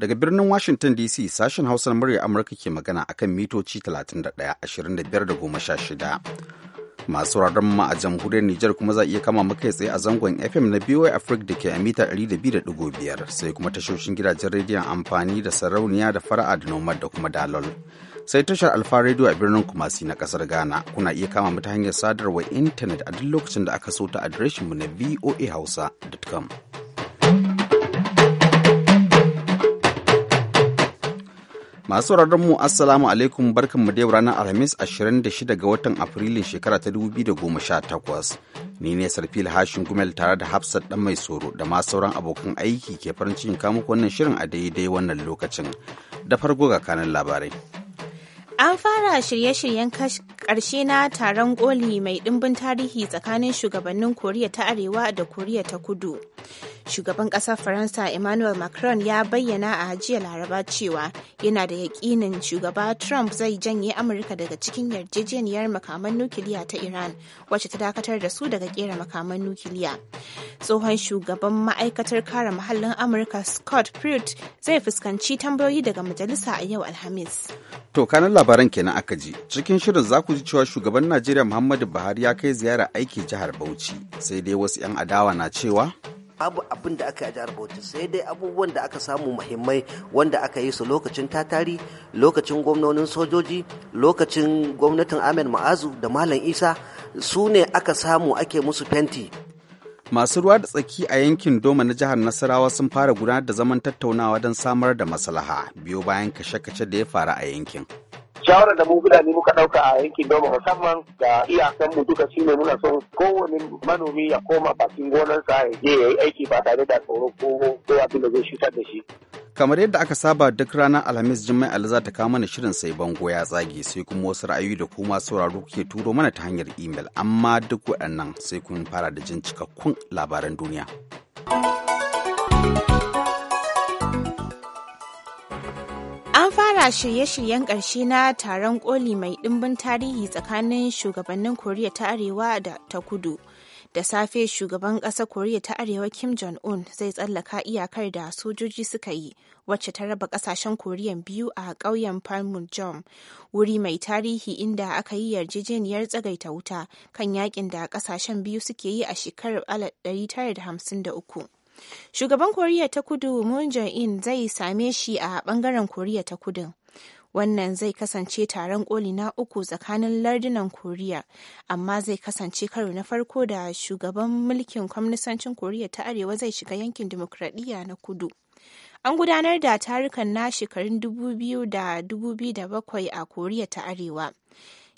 Daga birnin Washington DC sashen hausa na murya Amurka ke magana a kan mitoci 31, 25 da 16. masu wuraren ma a jamhuriyar Nijar kuma za a iya kama maka tsaye a zangon FM na BOA Africa da ke a mita 200.5 sai kuma tashoshin gidajen rediyon amfani da sarauniya da fara'a da nomad da kuma dalol. Sai tashar Alfa Radio a birnin Kumasi na kasar Ghana kuna iya kama mu ta hanyar sadarwa intanet a duk lokacin da aka so ta adireshinmu na voahausa.com. Masu mu Assalamu alaikum barkan mu da ranar Alhamis 26 ga watan Afrilun shekara ta 2018. Ni ne Sarfil Hashin Gumel tare da Hafsat dan mai soro da ma sauran abokan aiki ke farin cikin muku wannan shirin a daidai wannan lokacin. Da farko ga kanan labarai. An fara shirye-shiryen karshe na taron koli mai dimbin tarihi tsakanin shugabannin Koriya ta Arewa da Koriya ta Kudu. shugaban ƙasar faransa emmanuel macron ya bayyana a jiya laraba cewa yana da yakinin shugaba trump zai janye amurka daga cikin yarjejeniyar makaman nukiliya ta iran wacce ta dakatar da su daga kera makaman nukiliya tsohon shugaban ma'aikatar kare muhallin amurka scott pruitt zai fuskanci tambayoyi daga majalisa a yau alhamis to kanan labaran kenan aka ji cikin shirin za ku ji cewa shugaban najeriya muhammadu buhari ya kai ziyara aiki jihar bauchi sai dai wasu 'yan adawa na cewa babu abin da aka yi a jihar bauchi sai dai abubuwan da aka samu muhimmai wanda aka yi su lokacin tatari lokacin gwamnonin sojoji lokacin gwamnatin ahmed ma'azu da malam isa su ne aka samu ake musu fenti masu ruwa da tsaki a yankin doma na jihar nasarawa sun fara gudanar da zaman tattaunawa don samar da maslaha biyo bayan kashe-kashe da ya faru a yankin shawarar da mu ne muka ɗauka a yankin noma musamman ga iyakan mu duka shine muna son kowane manomi ya koma bakin gonarsa ya je ya aiki ba tare da tsoro ko ko abin da zai shutar da shi. kamar yadda aka saba duk ranar alhamis jimai za ta kawo mana shirin sai bango ya tsage sai kuma wasu ra'ayoyi da kuma sauraro kuke turo mana ta hanyar imel amma duk waɗannan sai kun fara da jin cikakkun labaran duniya. fara shirye-shiryen ƙarshe na taron ƙoli mai ɗimbin tarihi tsakanin shugabannin koriya ta arewa da ta kudu da safe shugaban ƙasar koriya ta arewa kim jong-un zai tsallaka iyakar da sojoji suka yi wacce ta raba ƙasashen koriyan biyu a ƙauyen panmunjom wuri mai tarihi inda aka yi yarjejeniyar tsagaita wuta kan yakin da ƙasashen biyu suke yi a shekarar 1953 Shugaban Koriya ta Kudu Moon Jae-in zai same shi a bangaren Koriya ta Kudu, Wannan zai kasance taron koli na uku tsakanin lardunan Koriya, amma zai kasance karo na farko da shugaban mulkin kwamnisancin Koriya ta Arewa zai shiga yankin dimokuraɗiyya na kudu. An gudanar da tarukan na shekarun da 2007 a Koriya ta Arewa.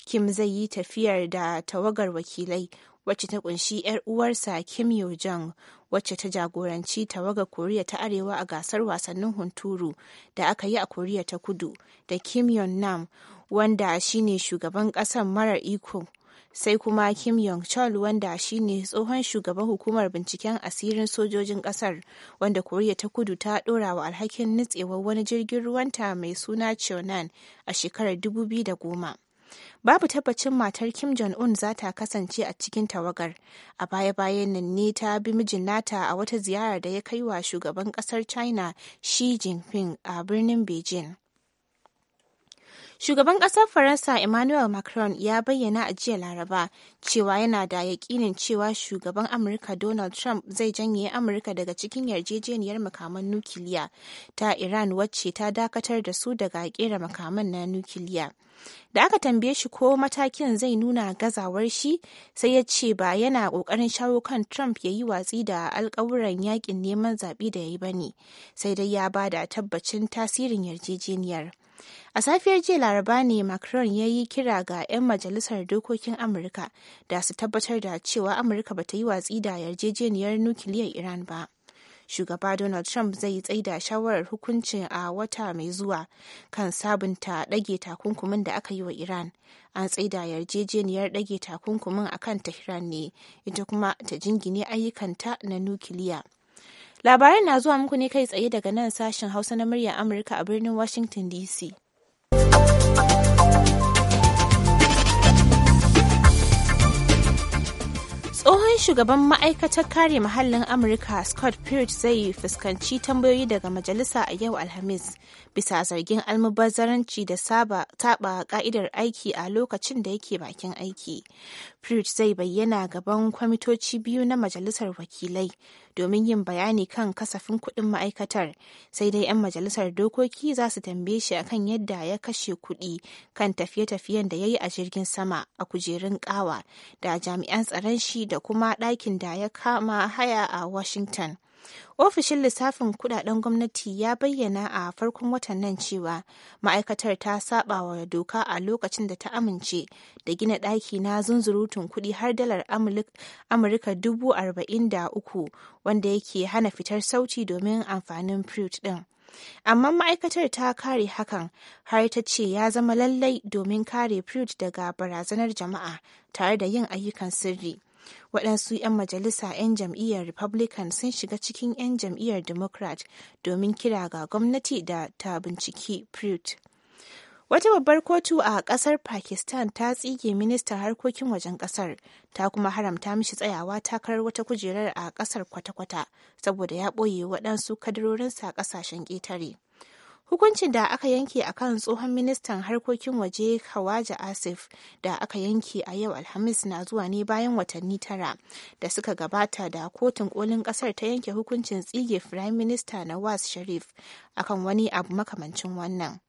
Kim zai yi tafiyar da tawagar wakilai wacce ta kunshi 'yar uwarsa Kim Yo Jong wacce ta jagoranci tawaga Koriya ta Arewa a gasar wasannin hunturu da aka yi a Koriya ta Kudu da Kim yong Nam wanda shine shugaban kasar marar iko sai kuma Kim Yong Chol wanda shine tsohon shugaban hukumar binciken asirin sojojin kasar wanda Koriya ta Kudu ta dora wa alhakin nutsewar wani jirgin ruwan ta mai suna Cheonan a shekarar 2010. Babu tabbacin matar Kim Jong-un za ta kasance a cikin tawagar. A baya-bayan nan ne ta bi mijin nata a wata ziyara da ya kai wa shugaban kasar China Xi Jinping a birnin Beijing. Shugaban ƙasar Faransa Emmanuel Macron ya bayyana a jiya Laraba cewa yana da yakinin cewa shugaban Amurka Donald Trump zai janye Amurka daga cikin yarjejeniyar makaman nukiliya ta Iran wacce ta dakatar da su daga kera makaman na nukiliya. Da aka tambaye shi ko matakin zai nuna gazawar shi sai ya ce ba yana ƙoƙarin shawo kan Trump ya yi watsi da alkawuran yakin neman zaɓe da ya yi ba ne, sai dai ya ba da tabbacin tasirin yarjejeniyar. A safiyar jiya laraba ne Macron ya yi kira ga 'yan majalisar dokokin Amurka da su tabbatar da cewa Amurka ba ta yi watsi da yarjejeniyar nukiliyar Iran ba. Shugaba Donald Trump zai tsai da shawarar hukuncin a wata mai zuwa kan sabunta ɗage takunkumin da aka yi wa Iran. An tsai da yarjejeniyar ɗage takunkumin a akan Tehran ne, ita kuma ta jingine ayyukanta na nukiliya. Labaran na zuwa muku ne kai tsaye daga nan sashen Hausa na murya Amurka a birnin Washington DC. tsohon shugaban ma'aikatar kare muhallin amurka scott pruitt zai fuskanci tambayoyi daga majalisa a yau alhamis bisa zargin almubazzaranci da saba taɓa ka'idar aiki a lokacin da yake bakin aiki Pruitt zai bayyana gaban kwamitoci biyu na Majalisar Wakilai domin yin bayani kan kasafin kuɗin ma'aikatar, sai dai 'yan Majalisar Dokoki za su tambaye shi akan yadda ya kashe kuɗi kan tafiye-tafiyen da ya yi a jirgin sama a kujerun ƙawa da jami'an tsaron shi da kuma ɗakin da ya kama haya a Washington. Ofishin lissafin kudaden gwamnati ya bayyana a farkon watan nan cewa ma'aikatar ta saba wa doka a lokacin da ta amince da gina ɗaki na zunzurutun kuɗi har dalar Amurka dubu arba'in da uku wanda yake hana fitar sauti domin amfanin frut ɗin. amma ma'aikatar ta kare hakan har ta ce ya zama lallai domin kare frut daga barazanar jama'a tare da yin ayyukan sirri. Waɗansu 'yan majalisa 'yan jam'iyyar Republican sun shiga cikin 'yan jam'iyyar Democrat domin kira ga gwamnati da ta binciki Pruitt. Wata babbar kotu a ƙasar Pakistan ta tsige ministan harkokin wajen ƙasar, ta kuma haramta mishi tsayawa takarar wata kujerar a ƙasar kwata-kwata, saboda ya ɓoye waɗansu kadarorinsa a ƙasashen ƙetare. Hukuncin da aka yanke a kan tsohon ministan harkokin waje Khawaja Asif da aka yanke a yau Alhamis na zuwa ne bayan watanni tara da suka gabata da kotun kolin kasar ta yanke hukuncin tsige Firayim Minista Nawaz Sharif akan wani abu makamancin wannan.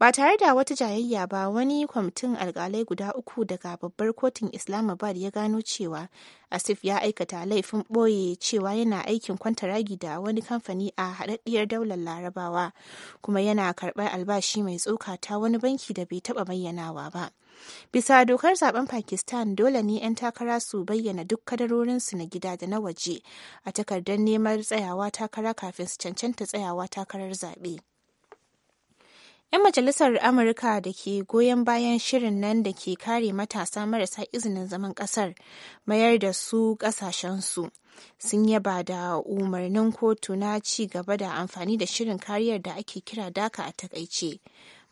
ba tare da wata jayayya ba wani kwamitin alkalai guda uku daga babbar kotun islamabad ya gano cewa asif ya aikata laifin boye cewa yana aikin kwanta ragi da wani kamfani a haɗaɗɗiyar daular larabawa kuma yana karɓar albashi mai tsoka ta wani banki da bai taɓa bayyanawa ba bisa dokar zaben pakistan dole ne 'yan takara su bayyana duk kadarorinsu na gida da na waje a takardar neman tsayawa takara kafin su cancanta tsayawa takarar zaɓe 'Yan majalisar Amurka da ke goyon bayan shirin nan da ke kare matasa marasa izinin zaman ƙasar mayar da su ƙasashensu sun yaba da umarnin kotu na ci gaba da amfani da shirin kariyar da ake kira daka a takaice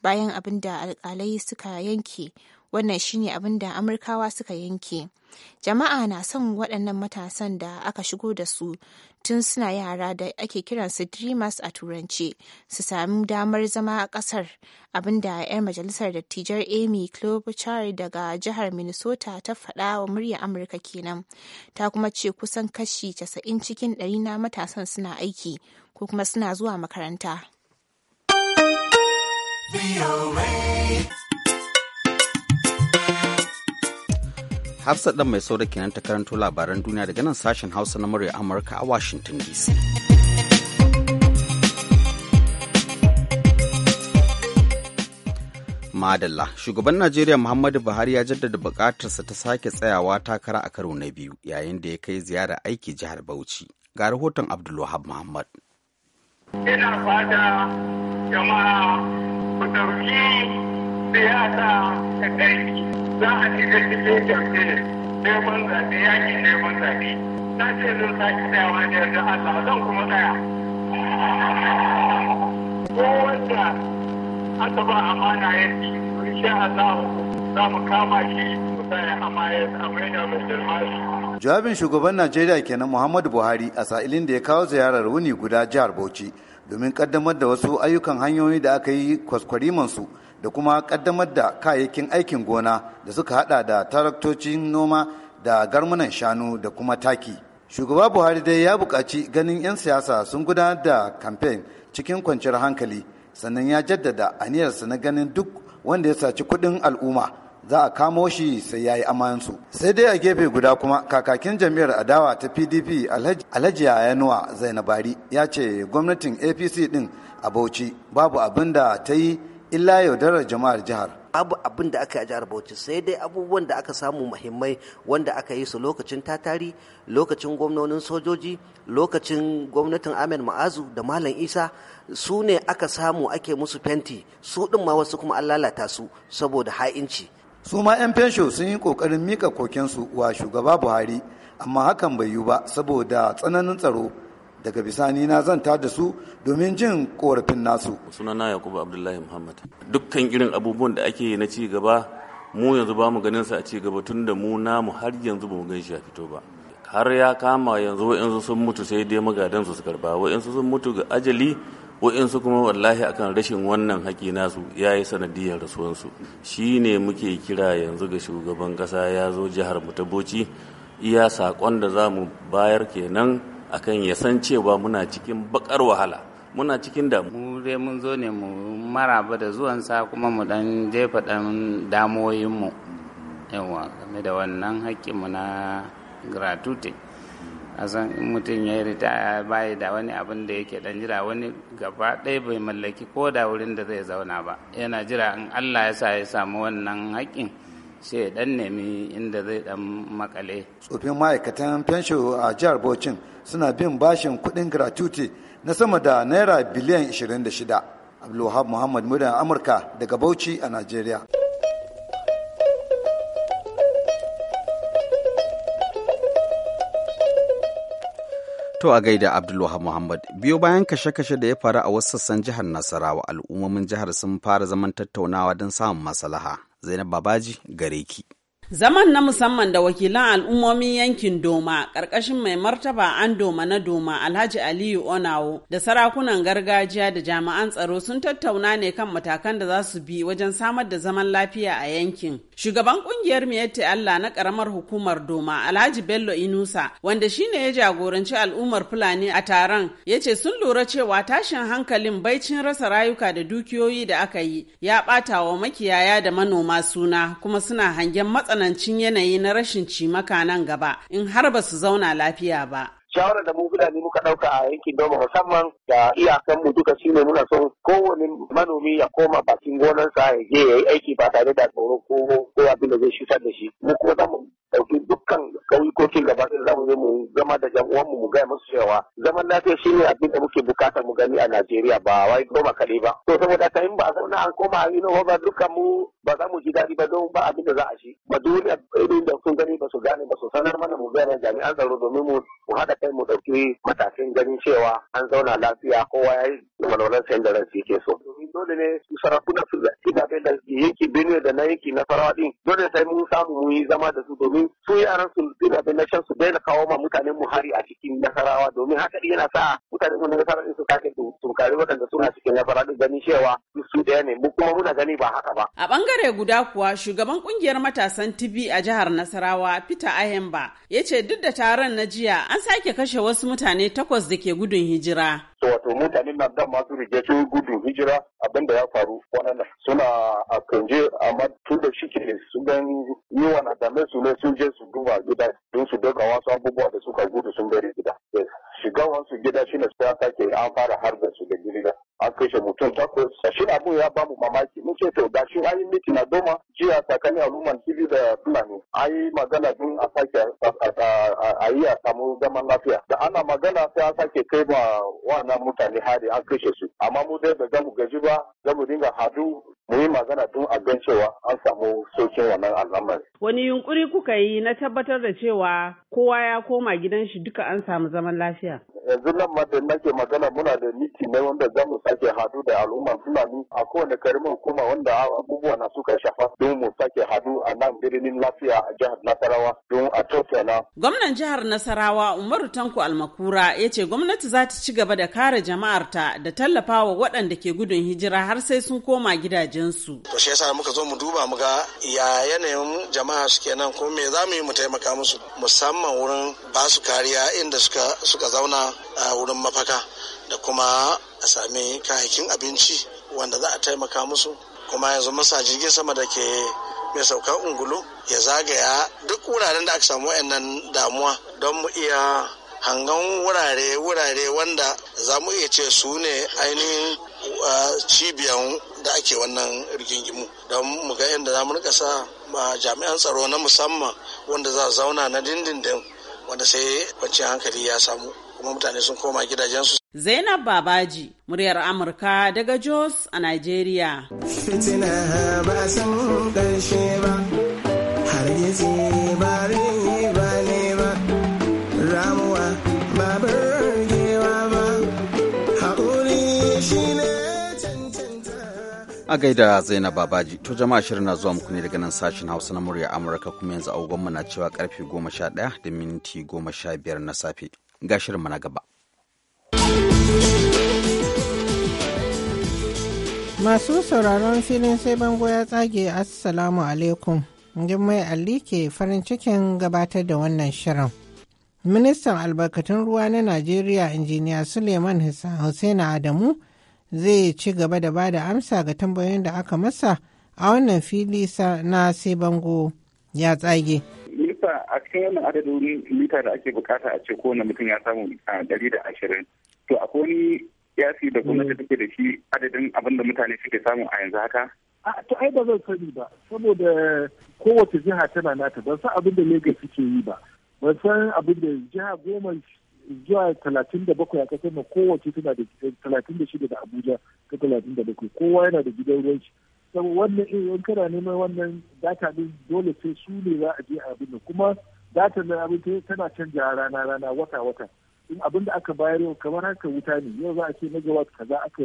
bayan abin da alkalai suka yanke wannan shine abin da amurkawa suka yanke jama'a na son waɗannan matasan da aka shigo da su tun suna yara da ake kiransu dreamers a turanci su sami damar zama a ƙasar da 'yar majalisar dattijar amy klobuchar daga jihar minnesota ta faɗa wa murya amurka kenan ta kuma ce kusan kashi 90 cikin 100 na matasan suna aiki ko kuma suna zuwa makaranta. Hafsat ɗan mai sauraki kenan ta karanto labaran duniya daga nan sashen Hausa na murya Amurka a Washington DC. Madalla, shugaban Najeriya Muhammadu Buhari ya jaddada bukatarsa ta sake tsayawa takara a karo na biyu yayin da ya kai ziyara aiki jihar Bauchi. Ga rahoton Abdulwahab Muhammad. Ina fata jama'a ku siyasa ta ƙarfi za a ci da cikin kyauce neman zaɓe yaƙin neman zaɓe na ce zan sake tsayawa da yarda Allah zan kuma tsaya ko wanda aka ba amana ya ci insha Allah za mu kama shi mu tsaya amaina mai girma jawabin shugaban najeriya kenan muhammadu buhari a sa'ilin da ya kawo ziyarar wuni guda jihar bauchi domin kaddamar da wasu ayyukan hanyoyi da aka yi kwaskwarimansu da kuma kaddamar da kayayyakin aikin gona da suka hada da taraktocin noma da garmunan shanu da kuma taki. Shugaba Buhari dai ya buƙaci ganin 'yan siyasa sun gudanar da kamfen cikin kwanciyar hankali sannan ya jaddada aniyarsa na ganin duk wanda ya saci kuɗin al'umma za a kamo shi sai ya yi amansu. Sai dai a gefe guda kuma kakakin jam'iyyar adawa ta PDP Alhaji Yanuwa Zainabari ya ce gwamnatin APC din a Bauchi babu abin da ta yi illa yaudarar jama'ar jihar abu abin da aka yi a jihar Bauchi sai dai abubuwan da aka samu muhimmai wanda aka yi su lokacin tatari lokacin gwamnonin sojoji lokacin gwamnatin Ahmed Ma'azu da Malam Isa su ne aka samu ake musu fenti su din ma wasu kuma an lalata su saboda ha'inci su ma 'yan fensho sun yi kokarin mika kokensu wa shugaba Buhari amma hakan bai yiwu ba saboda tsananin tsaro daga bisani na zanta da su domin jin korafin nasu sunana yakubu abdullahi muhammad dukkan irin abubuwan da ake na ci gaba mu yanzu ba mu ganin su a ci gaba tun da mu namu har yanzu ba mu gan shi a fito ba har ya kama yanzu wa'yansu sun mutu sai dai magadan su karba wa'yansu sun mutu ga ajali wa'yansu kuma wallahi akan rashin wannan haƙi nasu ya yi sanadiyar rasuwansu shi ne muke kira yanzu ga shugaban kasa ya zo jihar mu ta bauchi iya saƙon da za mu bayar kenan akan ya san cewa muna cikin bakar wahala muna cikin damu. mu dai mun zo ne mu maraba da zuwan sa kuma mu dan jefa dan damoyinmu yawa game da wannan haƙƙinmu na gratuity a san in mutum ya yi ritaya bayi da wani abin da yake dan jira wani gaba ɗaya bai mallaki ko da wurin da zai zauna ba yana jira in allah ya sa ya samu wannan haƙƙin sai dan nemi inda zai dan makale. tsofin ma'aikatan fensho a jihar Bauchin suna bin bashin kuɗin gratuity na sama da naira biliyan 26 abdulwahab muhammad muryar amurka daga bauchi a najeriya To a gaida Abdulwahab Muhammad, biyo bayan kashe-kashe da ya faru a wasu sassan jihar Nasarawa, al'ummomin jihar sun fara zaman tattaunawa don samun maslaha. Zainab Babaji gare ki. Zaman na musamman da wakilan al'ummomin yankin Doma ƙarƙashin mai martaba an Doma na Doma Alhaji Aliyu Onawo da sarakunan gargajiya da jami'an tsaro sun tattauna ne kan matakan da za su bi wajen samar da zaman lafiya a yankin. Shugaban ƙungiyar Miyatta Allah na ƙaramar hukumar Doma Alhaji Bello Inusa wanda shine ya jagoranci al'ummar Fulani a taron ya ce sun lura cewa tashin hankalin baicin rasa rayuka da dukiyoyi da aka yi ya ɓata wa makiyaya da manoma suna kuma suna hangen matsala. matsanancin yanayi na rashin cimaka nan gaba in har ba su zauna lafiya ba. shawarar da mu fulani muka ɗauka a yankin doma musamman da iyakan mu duka shine muna son kowane manomi ya koma bakin gonarsa ya je ya yi aiki ba tare da tsoro ko ko abin da zai shutar da shi mu kuma zamu dauki dukkan kauyukokin gaba ɗaya zamu je mu zama da jam'uwan mu mu gaya musu cewa zaman lafiya shine abin da muke bukata mu gani a Najeriya ba wai doma kaɗai ba to saboda ka in ba a zauna an koma a yi ba dukkan mu ba za mu ji daɗi ba don ba abin da za a ci ba dole irin da sun gani ba su gane ba su sanar mana mu gane jami'an tsaro domin mu mu haɗa kai mu ɗauki matakin ganin cewa an zauna lafiya kowa ya yi walwalar sayan da ransu yake so. dole ne su sarakuna su zaɓi da yanki Benue da na yanki na Farawa ɗin dole sai mun samu mu yi zama da su domin su yaran su zaɓe na shan su daina kawo ma mutanen mu hari a cikin nasarawa domin haka yana sa mutane mu na nasarawa ɗin su kake tunkari waɗanda suna cikin nasarawa ɗin ganin cewa su ɗaya ne mu kuma muna gani ba haka ba. bangare guda kuwa shugaban kungiyar matasan tibi a jihar Nasarawa Peter Ayemba ya ce duk da taron na jiya an sake kashe wasu mutane takwas da ke gudun hijira. wato mutanen nan da masu rige su gudun hijira abinda ya faru wannan suna a kanje amma tun da shike su gan yiwa na dame su ne sun je su duba gida don su doka wasu abubuwa da suka gudu sun bari gida. Shiga wasu gida shine su ya sake an fara harbin su da gida. an kashe mutum takwas shi abun ya bamu mamaki mun ce to gashi an yi miti na doma jiya tsakanin al'umman tv da fulani an yi magana din a sake a yi a samu zaman lafiya da ana magana sai an sake kai ma wannan mutane hari an kashe su amma mu dai ba za mu gaji ba za mu dinga hadu mu yi magana tun a gan cewa an samu sokin wannan al'amari. Wani yunkuri kuka yi na tabbatar da cewa kowa ya koma gidan shi duka an samu zaman lafiya? Yanzu nan ma da nake magana muna da miti ne wanda za mu sake hadu da al'umma Fulani a kowane karimin hukuma wanda abubuwa na suka shafa don mu sake hadu a nan birnin lafiya a jihar Nasarawa don a tausaya Gwamnan jihar Nasarawa Umaru Tanko Almakura ya ce gwamnati za ta ci gaba da kare jama'arta da tallafawa waɗanda ke gudun hijira har sai sun koma gidaje. gidajensu. To shi yasa muka zo mu duba mu ga ya yanayin jama'a suke nan ko me za mu yi mu taimaka musu musamman wurin ba su kariya inda suka suka zauna a wurin mafaka da kuma a sami kayakin abinci wanda za a taimaka musu kuma yanzu masa jirgin sama da ke mai saukan ungulu ya zagaya duk wuraren da aka samu wayannan damuwa don mu iya hangan wurare-wurare wanda za mu iya ce su ne ainihin cibiyan da ake wannan rigingimu don mu ga yadda za mu rika sa jami'an tsaro na musamman wanda za zauna na dindindin wanda sai kwanciyar hankali ya samu kuma mutane sun koma gidajensu. Zainab Babaji, muryar Amurka daga Jos a Najeriya. Fitina ba ba. a gaida zainab babaji to jama'a shirin na zuwa muku ne daga nan sashen hausa na murya amurka kuma yanzu agogonmu na cewa karfe goma sha ɗaya da minti goma sha biyar na safe ga mu na gaba masu sauraron filin sai bango ya tsage assalamu alaikum jummai ali ke farin cikin gabatar da wannan shirin ministan albarkatun ruwa na najeriya injiniya suleiman hussaina adamu zai ci gaba da ba da amsa ga tambayoyin da aka masa a wannan fili na sai bango ya tsage. Lita a cikin wannan adadin lita da ake bukata a ce kowane mutum ya samu a ɗari da ashirin. To ni wani fi da gwamnati take da shi adadin abin da mutane suke samu a yanzu haka? A to ai ba zan sani ba saboda kowace jiha tana nata ban san abin da Lagos suke yi ba. Ban san abin da jiha goma zuwa talatin da bakwai a kasar na kowace tana da talatin da shida da abuja ta talatin da bakwai kowa yana da gidan ruwan shi saboda wannan eh, in kana neman wannan data din dole sai su ne za a je a abin da kuma data na abin tana canja rana rana wata wata in abin da aka bayar yau kamar haka wuta ne yau za a ce megawatt kaza aka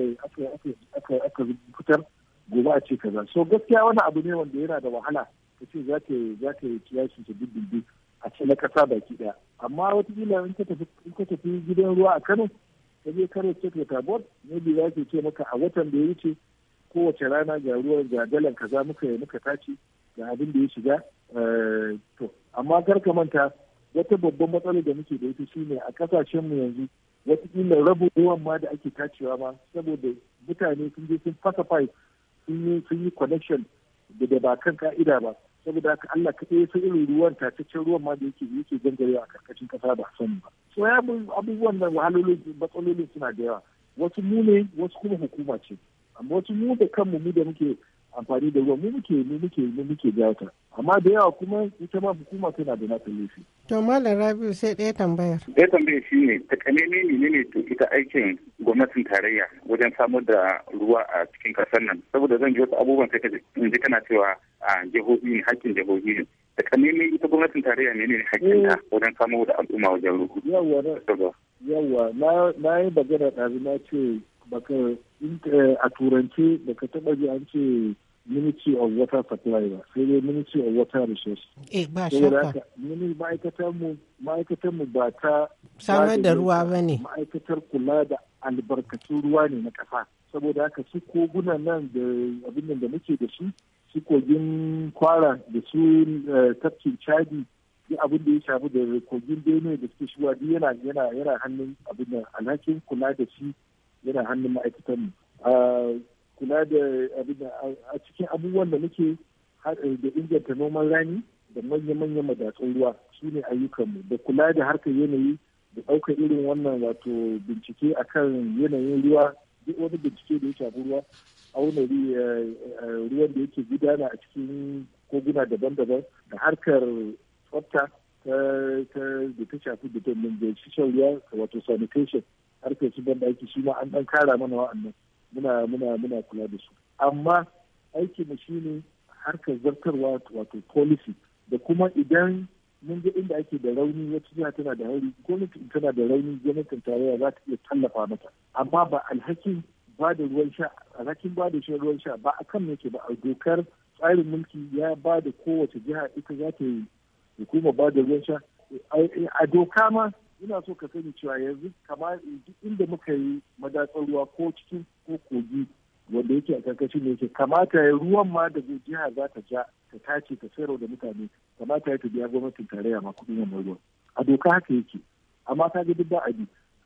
aka aka fitar gobe a ce kaza so gaskiya wani abu ne wanda yana da wahala ka ce za ka yi za ta yi duk a ce na kasa baki daya amma kila in ka tafi gidan ruwa a kano ka je kano state water ne bi za ki ce maka a watan da ya wuce kowace rana ga ruwan ga dalan kaza muka yi muka tace ga abin da ya shiga eh, to amma kar ka manta wata babban matsala da muke da ita shine a kasashen mu yanzu kila rabin ruwan ma da ake tacewa ma saboda mutane sun je sun fasa pipe sun yi connection da ba kan ka'ida ba saboda haka Allah kaɗai ya san irin ruwan tataccen ruwan ma da yake yake gangare a karkashin ƙasa ba san ba so ya abubuwan nan wahalolin matsalolin suna da yawa wasu mu ne wasu kuma hukuma ce amma wasu mu da kanmu mu da muke amfani da ruwa mu muke mu muke mu muke jawata amma da yawa kuma ita ma hukuma tana da nata laifi. to malam rabiu sai ɗaya tambayar. ɗaya tambayar shi ne takamaimai ne ne to ita aikin gwamnatin tarayya wajen samar da ruwa a cikin ƙasar nan saboda zan ji wasu abubuwan sai in ji kana cewa a jihohi ne hakkin jihohi ne takamaimai ita gwamnatin tarayya ne ne hakkin ta eh. wajen samar da al'umma wajen ruwa. yawwa na yi bagana ɗazu na ce baka Eh, a turance da ka taba ji an ce ministry of water supply ba sai dai ministry of water resource eh ba shakka ma'aikatar mu ba ta samar da ruwa ba ma'aikatar kula da albarkatun ruwa ne na kasa saboda haka su kogunan nan da abin da muke da su su kogin kwara da su eh, tafkin chadi duk abin da ya shafi da kogin benue da suke shi duk yana yana yana hannun abin da alhakin kula da shi yana hannun ma'aikatan mu kula da a cikin abubuwan da muke da inganta noman rani da manya-manyan madatsun ruwa su ne ayyukanmu da kula da harkar yanayi da ɗaukar irin wannan wato bincike akan yanayin ruwa duk wani bincike da ya shafi ruwa auna eh, eh, ruwan da yake gudana a cikin koguna daban-daban da harkar tsafta ta da ta shafi da ta shan ruwa wato sanitation harkar su ban aiki shi ma an dan kara mana wa'annan muna muna muna kula da su amma aikin mu shine harkar zartarwa wato policy da kuma idan mun ga inda ake da rauni wata jiha tana da hari gwamnati tana da rauni gwamnatin tarayya za ta iya tallafa mata amma ba alhakin ba da ruwan sha alhakin ba da shan ruwan sha ba kan yake ba a dokar tsarin mulki ya ba da kowace jiha ita za ta yi hukuma ba da ruwan sha a doka ma ina so ka sani cewa yanzu kamar inda muka yi madatsar ruwa ko cikin ko kogi wanda yake a karkashin ne yake kamata ya ruwan ma da jiha za ta ja ta tace ta sayarwa da mutane kamata ya ta biya gwamnatin tarayya ma kuɗin wannan ruwan a doka haka yake amma ta ga duk ba abi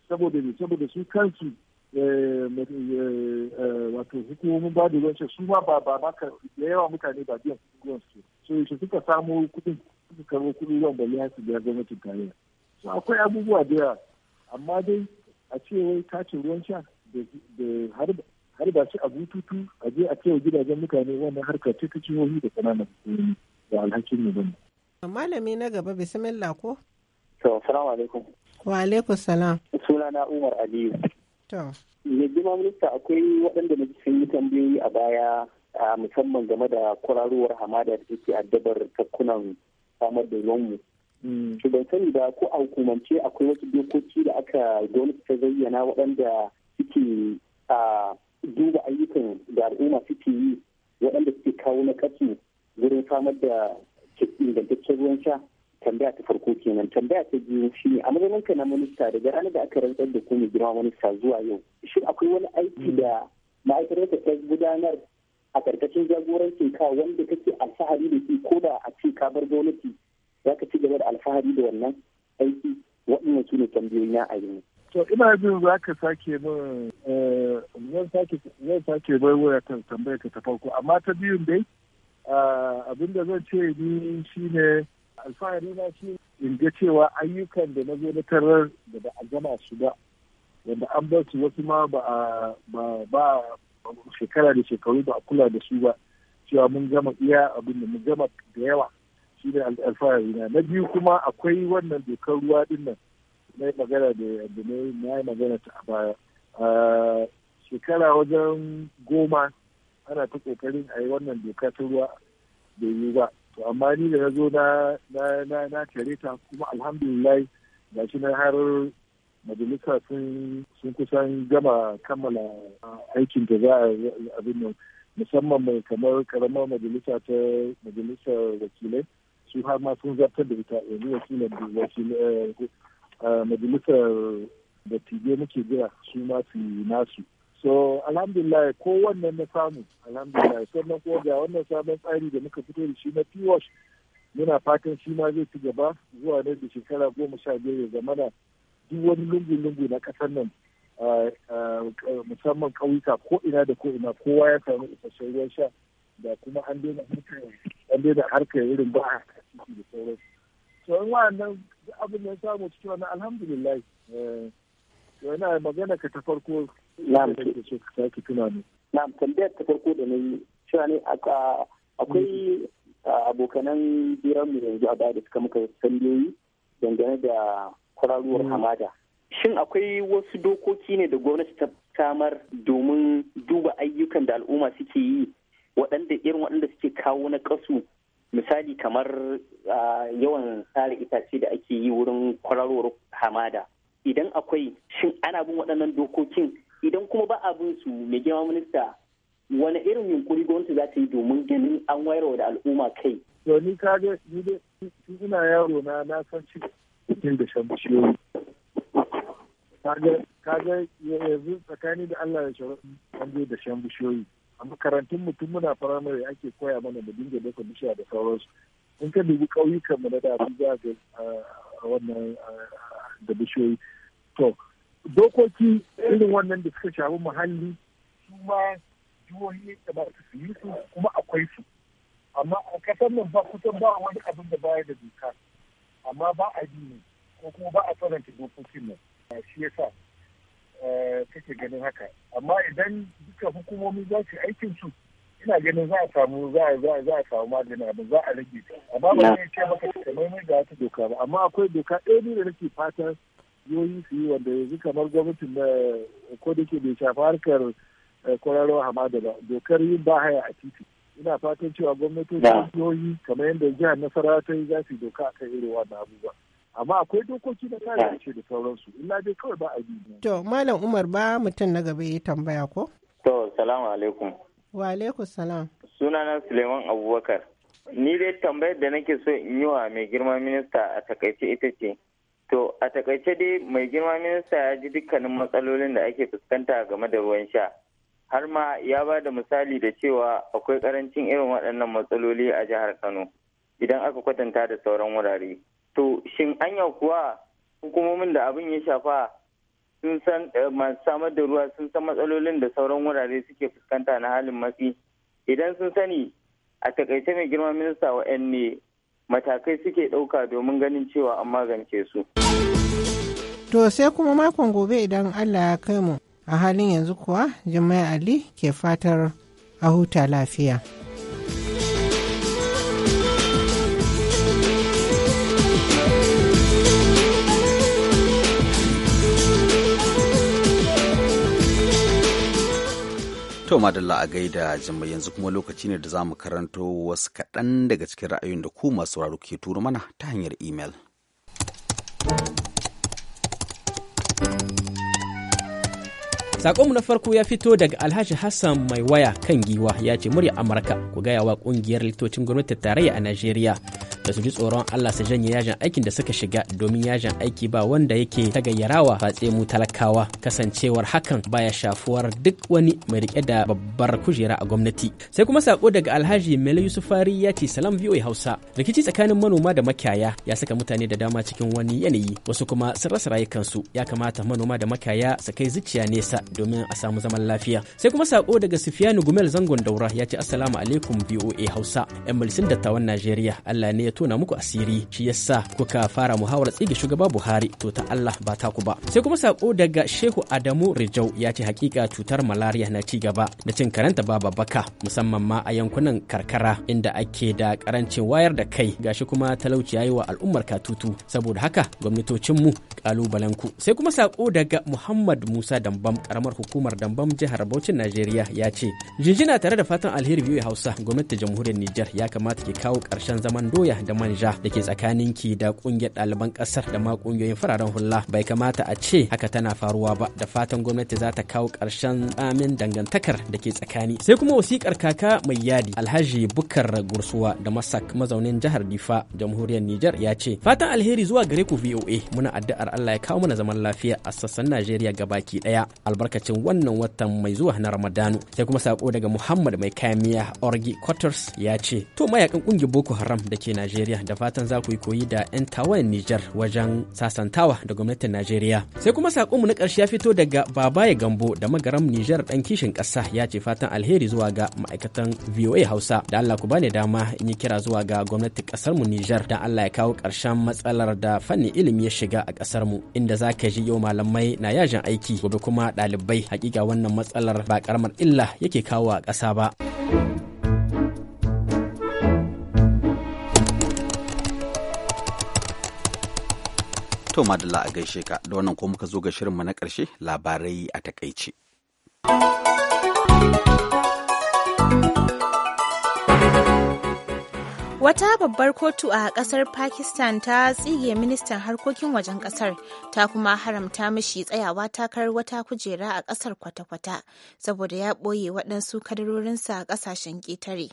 saboda ne saboda su kansu eh, eh, eh, wato hukumomin ba da ruwan su ma ba ba maka da yawa mutane ba biyan kuɗin ruwan su so yaushe suka samo kuɗin suka karo kuɗin ruwan ba ya su biya gwamnatin tarayya so akwai abubuwa da yawa amma dai a ce wai kacin ruwan sha da har ba shi a bututu a je a ce wa gidajen mutane wannan harkar ta ta jihohi da ƙananan da alhakin ne bane. malami na gaba bismillah ko. to salamu alaikum. wa alaikum salam. sunana umar aliyu. to. ne jima minista akwai waɗanda na sun yi tambayoyi a baya musamman game da kwararowar hamada da take addabar tafkunan samar da ruwanmu Mm, to ban sani ba ko a hukumance akwai wasu dokoki da aka gwamnati ta zayyana waɗanda suke duba ayyukan da al'umma suke yi waɗanda suke kawo na kasu wurin samar da ingantaccen ruwan sha tambaya ta farko kenan tambaya ta biyu shi a maganin ka na minista daga ranar da aka rantsar da kuma girma minista zuwa yau shi akwai wani aiki da ma'aikatar ta gudanar a karkashin jagorancin ka wanda kake alfahari da shi ko da a ce ka bar gwamnati za ka ci gaba da alfahari da wannan aiki waɗannan su ne tambayoyi na ainihi. to ina jin za ka sake min eh, zan sake bai waya kan tambayar ka ta farko amma ta biyun dai eh, abin da zan ce ni shine alfahari na shi in ga cewa ayyukan da na zo na tarar da ba a gama su ba wanda an bar su wasu ma ba ba shekara da shekaru ba a kula da su ba cewa mun gama iya abin da mun gama da yawa shi ne alfahari na na biyu kuma akwai wannan dokar ruwa din nan na yi magana da na yi magana ta baya shekara wajen goma ana ta kokarin a yi wannan doka ta ruwa da yi ba to amma ni da na zo na na tare ta kuma alhamdulillah ga shi na har majalisa sun sun kusan gama kammala aikin da za a abin nan musamman mai kamar karamar majalisa ta majalisar wakilai su har ma sun zartar da ita yanzu eh, da eh, eh, majalisar dattijai muke jira su ma su yi nasu so alhamdulillah ko wannan na samu alhamdulillah sannan ko ga wannan sabon tsari da muka fito da shi na pwash muna fatan shi ma zai ci gaba zuwa nan da shekara goma sha biyar ya na duk wani lungu-lungu na kasar nan musamman ƙauyuka ko ina da ko ina kowa ya samu isasshen ruwan sha da kuma an daina harkar irin ba sauransu to in da samu cikin wannan alhamdulillah yana eh, ta farko na'am ne akwai abokanan mu yanzu a baya da suka muka tambayoyi dangane da kwararuwar mm-hmm. hamada shin akwai wasu dokoki ne da gwamnati ta samar domin duba ayyukan da al'umma suke yi waɗanda irin waɗanda suke kawo na kasu misali kamar yawan tsara itace da ake yi wurin kwararwar hamada idan akwai shin ana bin waɗannan dokokin idan kuma ba a bin su mai girma minista wani irin yunkuri gwamnati za ta yi domin ganin an wayarwa da al'umma kai. to ka ga ni dai ina yaro na na san cikin da shan bishiyoyi ka ga yanzu tsakani da Allah ya shawarar da shan bishiyoyi a makarantun mutum muna firamare ake koya mana da dinga da bishiya da sauransu in ka dubi ƙauyukan mu na da za ga wannan da bishiyoyi to dokoki irin wannan da suka shafi muhalli ma jihohi da ba su yi su kuma akwai su amma a kasar nan ba kusan ba wani abin da baya da doka amma ba a bi ne ko kuma ba a faranta dokokin nan shi yasa Eh, kake ganin haka amma idan duka hukumomi za su aikin su ina ganin za a samu za a za a za samu maganin abin za a rage amma ba zai ce maka takamaiman ga wata doka ba amma akwai doka ɗaya ne da nake fatan yoyi su yi wanda yanzu kamar gwamnatin na ko da ke bai shafi harkar eh, kwararrawa hamada ba dokar yin ba haya a titi ina fatan cewa gwamnatocin yoyi kamar yadda jihar nasarawa ta yi za su doka kan irin wannan abubuwa. amma akwai dokoki da kare ce da sauransu illa dai kawai ba a bi to malam umar ba mutum na gaba ya tambaya ko to salamu alaikum wa alaikum salam sunana suleiman abubakar ni dai tambayar da nake so in yi wa mai girma minista a takaice ita ce to a takaice dai mai girma minista ya ji dukkanin matsalolin da ake fuskanta game da ruwan sha har ma ya ba da misali da cewa akwai karancin irin waɗannan matsaloli a jihar kano idan aka kwatanta da sauran wurare to shin anya kuwa hukumomin da abin ya shafa sun san eh, masu samar da ruwa sun san matsalolin da sauran wurare suke fuskanta na halin matsi idan sun sani a takaice mai girma minista wa ne matakai suke ɗauka domin ganin cewa an magance su. To sai kuma makon gobe idan Allah ya kai mu a halin yanzu kuwa Jummai Ali ke fatar a huta lafiya. To madalla a gaida jimma yanzu kuma lokaci ne da za mu karanto wasu kaɗan daga cikin ra'ayoyin da ku masu sauraro ke turo mana ta hanyar imel. Sakonmu na farko ya fito daga Alhaji Hassan mai waya kan giwa ya ce murya Amurka ku gaya wa kungiyar litocin gwamnatin tarayya a Najeriya da su ji tsoron Allah su janye yajin aikin da suka shiga domin yajin aiki ba wanda yake ta tagayyarawa fatse mu talakawa kasancewar hakan baya shafuwar duk wani mai rike da babbar kujera a gwamnati sai kuma sako daga Alhaji Mele Yusufari ya ce salam VOA Hausa rikici tsakanin manoma da makiyaya ya saka mutane da dama cikin wani yanayi wasu kuma sun rasa rayukansu ya kamata manoma da makiyaya su kai zuciya nesa domin a samu zaman lafiya sai kuma sako daga Sufiyanu Gumel Zangon Daura ya ce assalamu alaikum VOA Hausa yan mulkin dattawan Najeriya Allah ne ya tona muku asiri shi yasa kuka fara muhawarar tsige shugaba Buhari to ta Allah ba ta ku ba sai kuma sako daga Shehu Adamu Rijau ya ce hakika cutar malaria na ci gaba da cin karanta Baba baka musamman ma a yankunan karkara inda ake da karancin wayar da kai gashi kuma talauci yayi wa al'ummar katutu saboda haka gwamnatocinmu kalubalen ku sai kuma sako daga Muhammad Musa Dambam karamar hukumar Dambam jihar Bauchi Najeriya ya ce jinjina tare da fatan alheri biyu Hausa gwamnatin jamhuriyar Nijar ya kamata ke kawo ƙarshen zaman doya da manja da ke tsakanin ki da kungiyar ɗaliban ƙasar da ma kungiyoyin fararen hula bai kamata a ce haka tana faruwa ba da fatan gwamnati za ta kawo ƙarshen tsamin dangantakar da ke tsakani sai kuma wasiƙar kaka mai yadi alhaji bukar gursuwa da masak mazaunin jihar difa jamhuriyar nijar ya ce fatan alheri zuwa gare ku voa muna addu'ar allah ya kawo mana zaman lafiya a sassan najeriya ga gabaki ɗaya albarkacin wannan watan mai zuwa na ramadanu sai kuma sako daga muhammad mai kayan miya orgi quarters ya ce to mayakan kungiyar boko haram da ke najeriya Najeriya da fatan za ku yi koyi da 'yan tawayen Nijar wajen sasantawa da gwamnatin Najeriya. Sai kuma sakonmu na ƙarshe ya fito daga Babaye Gambo da magaram Nijar ɗan kishin ƙasa ya ce fatan alheri zuwa ga ma'aikatan VOA Hausa. Da Allah ku bani dama in yi kira zuwa ga gwamnatin ƙasarmu Nijar da Allah ya kawo ƙarshen matsalar da fannin ilimi ya shiga a ƙasarmu inda za ka ji yau malamai na yajin aiki gobe kuma ɗalibai. Hakika wannan matsalar ba ƙaramar illa yake kawo a ƙasa ba. To Madalla a gaishe ka da wannan ko muka zo ga shirinmu na ƙarshe labarai a takaice. Wata babbar kotu a ƙasar Pakistan ta tsige ministan harkokin wajen ƙasar ta kuma haramta mashi tsayawa takarar wata kujera a ƙasar kwata-kwata saboda ya ɓoye waɗansu kadarorinsa a ƙasashen ƙetare.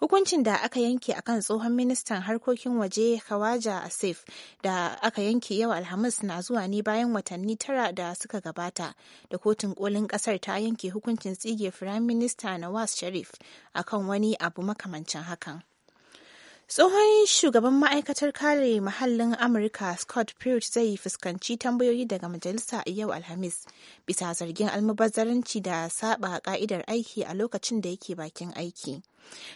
Hukuncin da aka yanke akan tsohon ministan harkokin waje Khawaja Asif da aka yanke yau Alhamis na zuwa ne bayan watanni tara da suka gabata da kotun kolin kasar ta yanke hukuncin tsige Firayim Minista Nawaz Sharif kan wani abu makamancin hakan. Tsohon shugaban ma'aikatar kare muhallin Amurka Scott Pruitt zai fuskanci tambayoyi daga majalisa a yau Alhamis bisa zargin almubazzaranci da saba ka'idar aiki a lokacin da yake bakin aiki.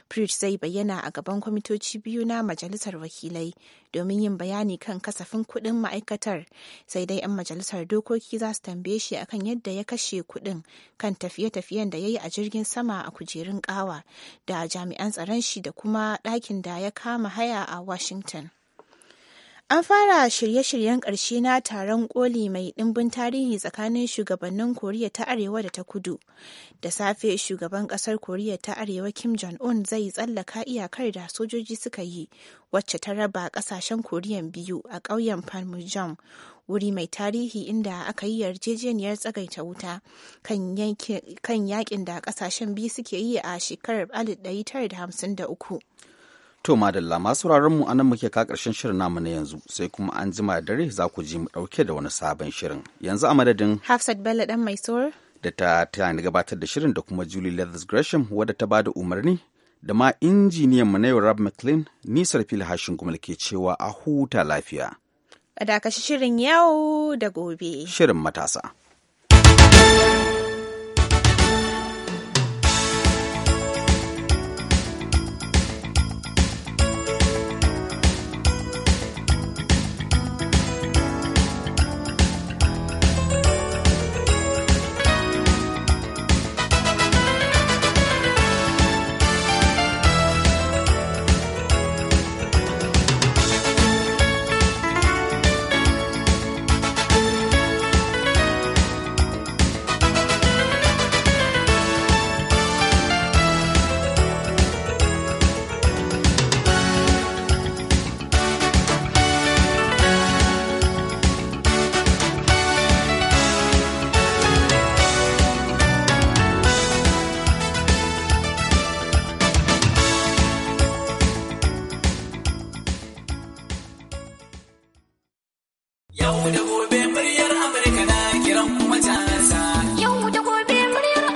Pruitt zai bayyana a gaban kwamitoci biyu na Majalisar Wakilai domin yin bayani kan kasafin kuɗin ma'aikatar, sai dai 'yan Majalisar Dokoki za su tambaye shi akan yadda ya kashe kuɗin kan tafiye-tafiyen da ya yi a jirgin sama a kujerun ƙawa da jami'an tsaron shi da kuma ɗakin da ya kama haya a Washington. An fara shirye-shiryen ƙarshe na taron ƙoli mai ɗimbin tarihi tsakanin shugabannin Koriya ta Arewa da ta Kudu. Da safe, shugaban ƙasar Koriya ta Arewa Kim Jong-un zai tsallaka iyakar da sojoji suka yi, wacce ta raba ƙasashen Koriyan biyu a ƙauyen Panmunjom, wuri mai tarihi inda aka yi yarjejeniyar tsagaita wuta kan yakin da ƙasashen biyu suke yi a shekarar 1953. To madalla masu mu anan muke ka karshen shirin namu na yanzu sai kuma an jima da dare za ku ji mu ɗauke da wani sabon shirin. Yanzu a madadin Hafsat Bello dan mai da ta tana gabatar da shirin da kuma Julie Leathers Gresham wadda ta bada umarni da ma injiniyan mu na yau Rob McLean nisar fili hashin kuma ke cewa a huta lafiya. A dakashi shirin yau da gobe. Shirin matasa.